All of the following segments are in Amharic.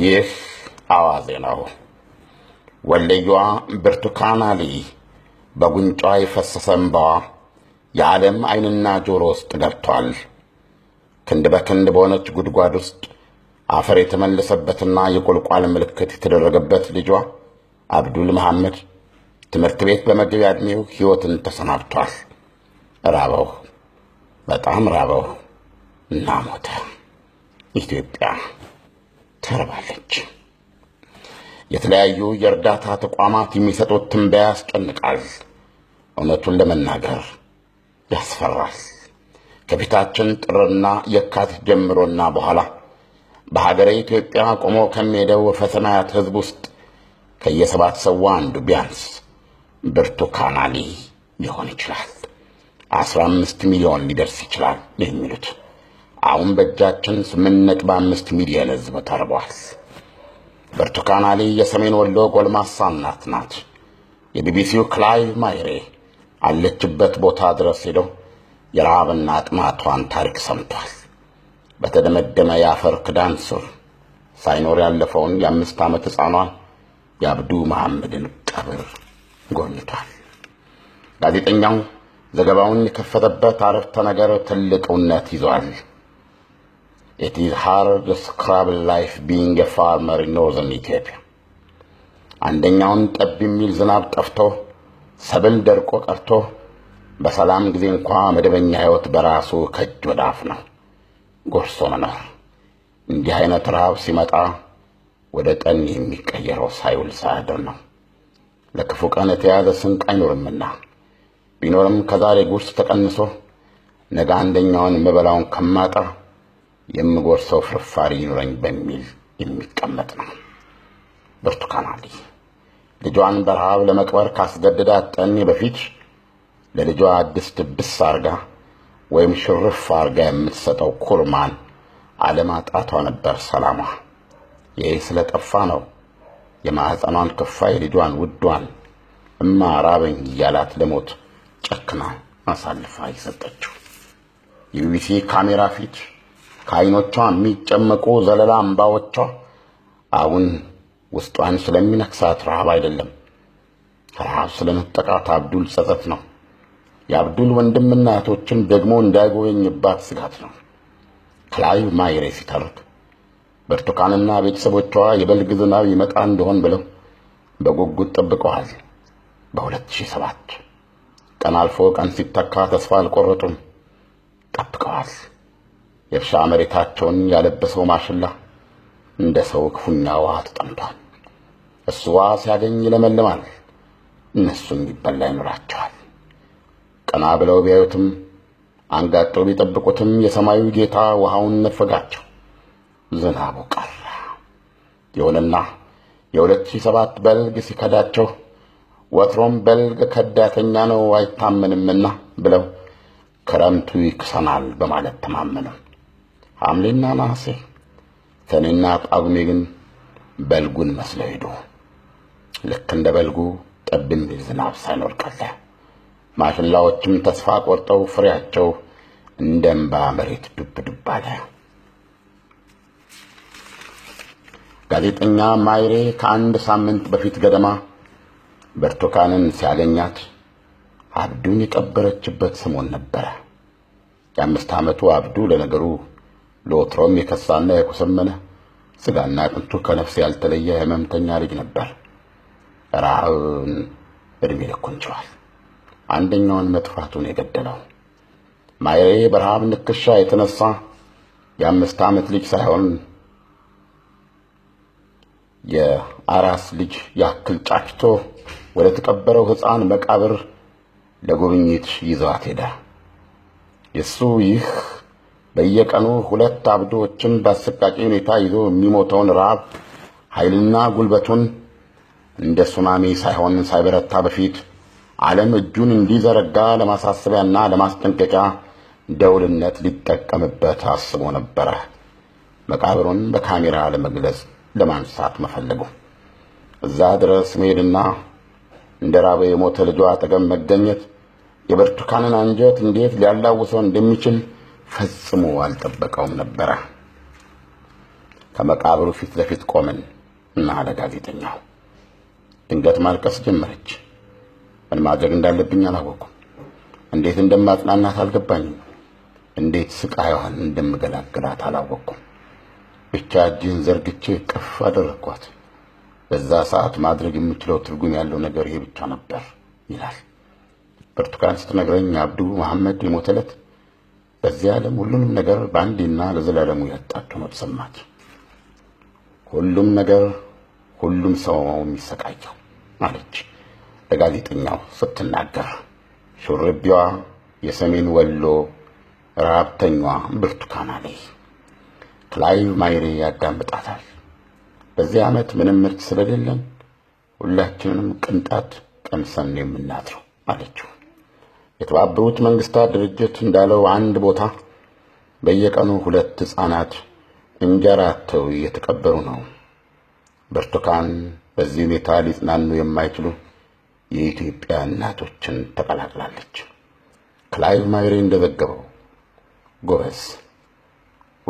ይህ አዋዜ ነው። ወለጇ ብርቱካን አሊ በጉንጯ የፈሰሰ እንባዋ የዓለም ዓይንና ጆሮ ውስጥ ገብቷል። ክንድ በክንድ በሆነች ጉድጓድ ውስጥ አፈር የተመለሰበትና የቁልቋል ምልክት የተደረገበት ልጇ አብዱል መሐመድ ትምህርት ቤት በመግቢያ ዕድሜው ሕይወትን ተሰናብቷል። ራበው፣ በጣም ራበው እና ሞተ። ኢትዮጵያ ተርባለች። የተለያዩ የእርዳታ ተቋማት የሚሰጡት ትንበያ ያስጨንቃል። እውነቱን ለመናገር ያስፈራል። ከፊታችን ጥርና የካቲት ጀምሮና በኋላ በሀገረ ኢትዮጵያ ቆሞ ከሚሄደው ሰማያት ሕዝብ ውስጥ ከየሰባት ሰው አንዱ ቢያንስ ብርቱካናሊ ሊሆን ይችላል። አስራ አምስት ሚሊዮን ሊደርስ ይችላል የሚሉት። አሁን በእጃችን 8.5 ሚሊዮን ህዝብ ተርቧል። ብርቱካን አሊ የሰሜን ወሎ ጎልማሳ እናት ናት። የቢቢሲው ክላይ ማይሬ አለችበት ቦታ ድረስ ሄዶ የረሃብና ጥማቷን ታሪክ ሰምቷል። በተደመደመ የአፈር ክዳን ስር ሳይኖር ያለፈውን የአምስት ዓመት ሕፃኗን የአብዱ መሐመድን ቀብር ጎብኝቷል። ጋዜጠኛው ዘገባውን የከፈተበት አረፍተ ነገር ትልቅ እውነት ይዟል። It is hard to describe life being a farmer አንደኛውን ጠብ የሚል ዝናብ ጠፍቶ ሰብል ደርቆ ቀርቶ በሰላም ጊዜ እንኳ መደበኛ ህይወት በራሱ ከእጅ ወደ አፍ ነው፣ ጎርሶ መኖር። እንዲህ አይነት ረሃብ ሲመጣ ወደ ጠን የሚቀየረው ሳይውል ሳያድር ነው። ለክፉ ቀን የተያዘ ስንቅ አይኖርምና ቢኖርም ከዛሬ ጉርስ ተቀንሶ ነገ አንደኛውን መበላውን ከማጣ የምጎርሰው ፍርፋሪ ይኑረኝ በሚል የሚቀመጥ ነው። ብርቱካን አሊ ልጇን በረሃብ ለመቅበር ካስገደዳት ጠኔ በፊት ለልጇ አዲስ ድብስ አርጋ ወይም ሽርፍ አርጋ የምትሰጠው ኩርማን አለማጣቷ ነበር ሰላሟ። ይህ ስለጠፋ ነው የማኅፀኗን ክፋይ የልጇን ውዷን እማ ራበኝ እያላት ለሞት ጨክና አሳልፋ የሰጠችው። የቢቢሲ ካሜራ ፊት ከዓይኖቿ የሚጨመቁ ዘለላ አምባዎቿ አሁን ውስጧን ስለሚነክሳት ረሃብ አይደለም፣ ረሃብ ስለመጠቃት አብዱል ጸጸት ነው። የአብዱል ወንድምና እህቶችን ደግሞ እንዳይጎበኝባት ስጋት ነው። ከላይ ማይሬ አሉት። ብርቱካንና ቤተሰቦቿ የበልግ ዝናብ ይመጣ እንደሆን ብለው በጉጉት ጠብቀዋል። በ2007 ቀን አልፎ ቀን ሲተካ ተስፋ አልቆረጡም፣ ጠብቀዋል። የእርሻ መሬታቸውን ያለበሰው ማሽላ እንደ ሰው ክፉኛ ውሃ ተጠምቷል። እሱ ውሃ ሲያገኝ ይለመልማል፣ እነሱም ይበላ ይኖራቸዋል። ቀና ብለው ቢያዩትም አንጋጠው ቢጠብቁትም የሰማዩ ጌታ ውሃውን ነፈጋቸው፣ ዝናቡ ቀረ። ይሁንና የሁለት ሺህ ሰባት በልግ ሲከዳቸው ወትሮም በልግ ከዳተኛ ነው አይታመንምና ብለው ክረምቱ ይክሰናል በማለት ተማመነው። ሐምሌና ነሐሴ ሰኔና ጳጉሜ ግን በልጉን መስለው ሄዱ። ልክ እንደ በልጉ ጥብ የሚል ዝናብ ሳይኖር ቀለ። ማሽላዎችም ተስፋ ቆርጠው ፍሬያቸው እንደ እምባ መሬት ዱብ ዱብ አለ። ጋዜጠኛ ማይሬ ከአንድ ሳምንት በፊት ገደማ ብርቱካንን ሲያገኛት አብዱን የቀበረችበት ሰሞን ነበረ። የአምስት ዓመቱ አብዱ ለነገሩ ለወትሮም የከሳና የኮሰመነ ስጋና አጥንቱ ከነፍስ ያልተለየ ህመምተኛ ልጅ ነበር። ረሃብን እድሜ ልኩን ችሏል። አንደኛውን መጥፋቱን የገደለው ማይሬ በረሃብ ንክሻ የተነሳ የአምስት ዓመት ልጅ ሳይሆን የአራስ ልጅ ያክል ጫጭቶ ወደ ተቀበረው ሕፃን መቃብር ለጉብኝት ይዘዋት ሄደ። የእሱ ይህ በየቀኑ ሁለት አብዶዎችን በአሰቃቂ ሁኔታ ይዞ የሚሞተውን ረሃብ ኃይልና ጉልበቱን እንደ ሱናሚ ሳይሆን ሳይበረታ በፊት ዓለም እጁን እንዲዘረጋ ለማሳሰቢያና ለማስጠንቀቂያ ደውልነት ሊጠቀምበት አስቦ ነበረ። መቃብሩን በካሜራ ለመግለጽ ለማንሳት መፈለጉ እዛ ድረስ መሄድና እንደ ራበ የሞተ ልጇ አጠገብ መገኘት የብርቱካንን አንጀት እንዴት ሊያላውሰው እንደሚችል ፈጽሞ አልጠበቀውም ነበረ። ከመቃብሩ ፊት ለፊት ቆምን እና ጋዜጠኛው። ድንገት ማልቀስ ጀመረች። ምን ማድረግ እንዳለብኝ አላወቅኩም። እንዴት እንደማጽናናት አልገባኝም። እንዴት ስቃይዋን እንደምገላግላት አላወቅኩም። ብቻ እጅን ዘርግቼ ቅፍ አደረግኳት። በዛ ሰዓት ማድረግ የምችለው ትርጉም ያለው ነገር ይሄ ብቻ ነበር ይላል ብርቱካን ስትነግረኝ አብዱ መሐመድ የሞተለት በዚህ ዓለም ሁሉንም ነገር በአንዴና ለዘላለሙ ያጣች ሆኖ ተሰማት። ሁሉም ነገር ሁሉም ሰው የሚሰቃየው አለች ለጋዜጠኛው ስትናገር። ሹርቢዋ የሰሜን ወሎ ረሀብተኛዋ ብርቱካን ላይ ክላይቭ ማይሬ ያዳምጣታል። በዚህ ዓመት ምንም ምርት ስለሌለን ሁላችንም ቅንጣት ቀምሰን የምናድረው አለችው። የተባበሩት መንግስታት ድርጅት እንዳለው አንድ ቦታ በየቀኑ ሁለት ሕፃናት እንጀራ አጥተው እየተቀበሩ ነው። ብርቱካን በዚህ ሁኔታ ሊጽናኑ የማይችሉ የኢትዮጵያ እናቶችን ተቀላቅላለች። ክላይቭ ማይሬ እንደዘገበው ጎበዝ፣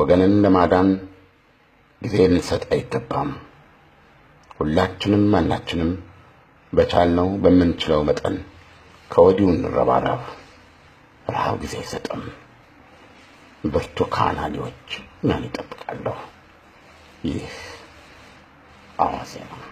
ወገንን ለማዳን ጊዜ ልንሰጥ አይገባም። ሁላችንም ማናችንም በቻልነው በምንችለው መጠን ከወዲሁ እንረባረብ። ረሃብ ጊዜ አይሰጥም። ብርቱ ካናሌዎች እኛን ይጠብቃለሁ። ይህ አዋዜ ነው።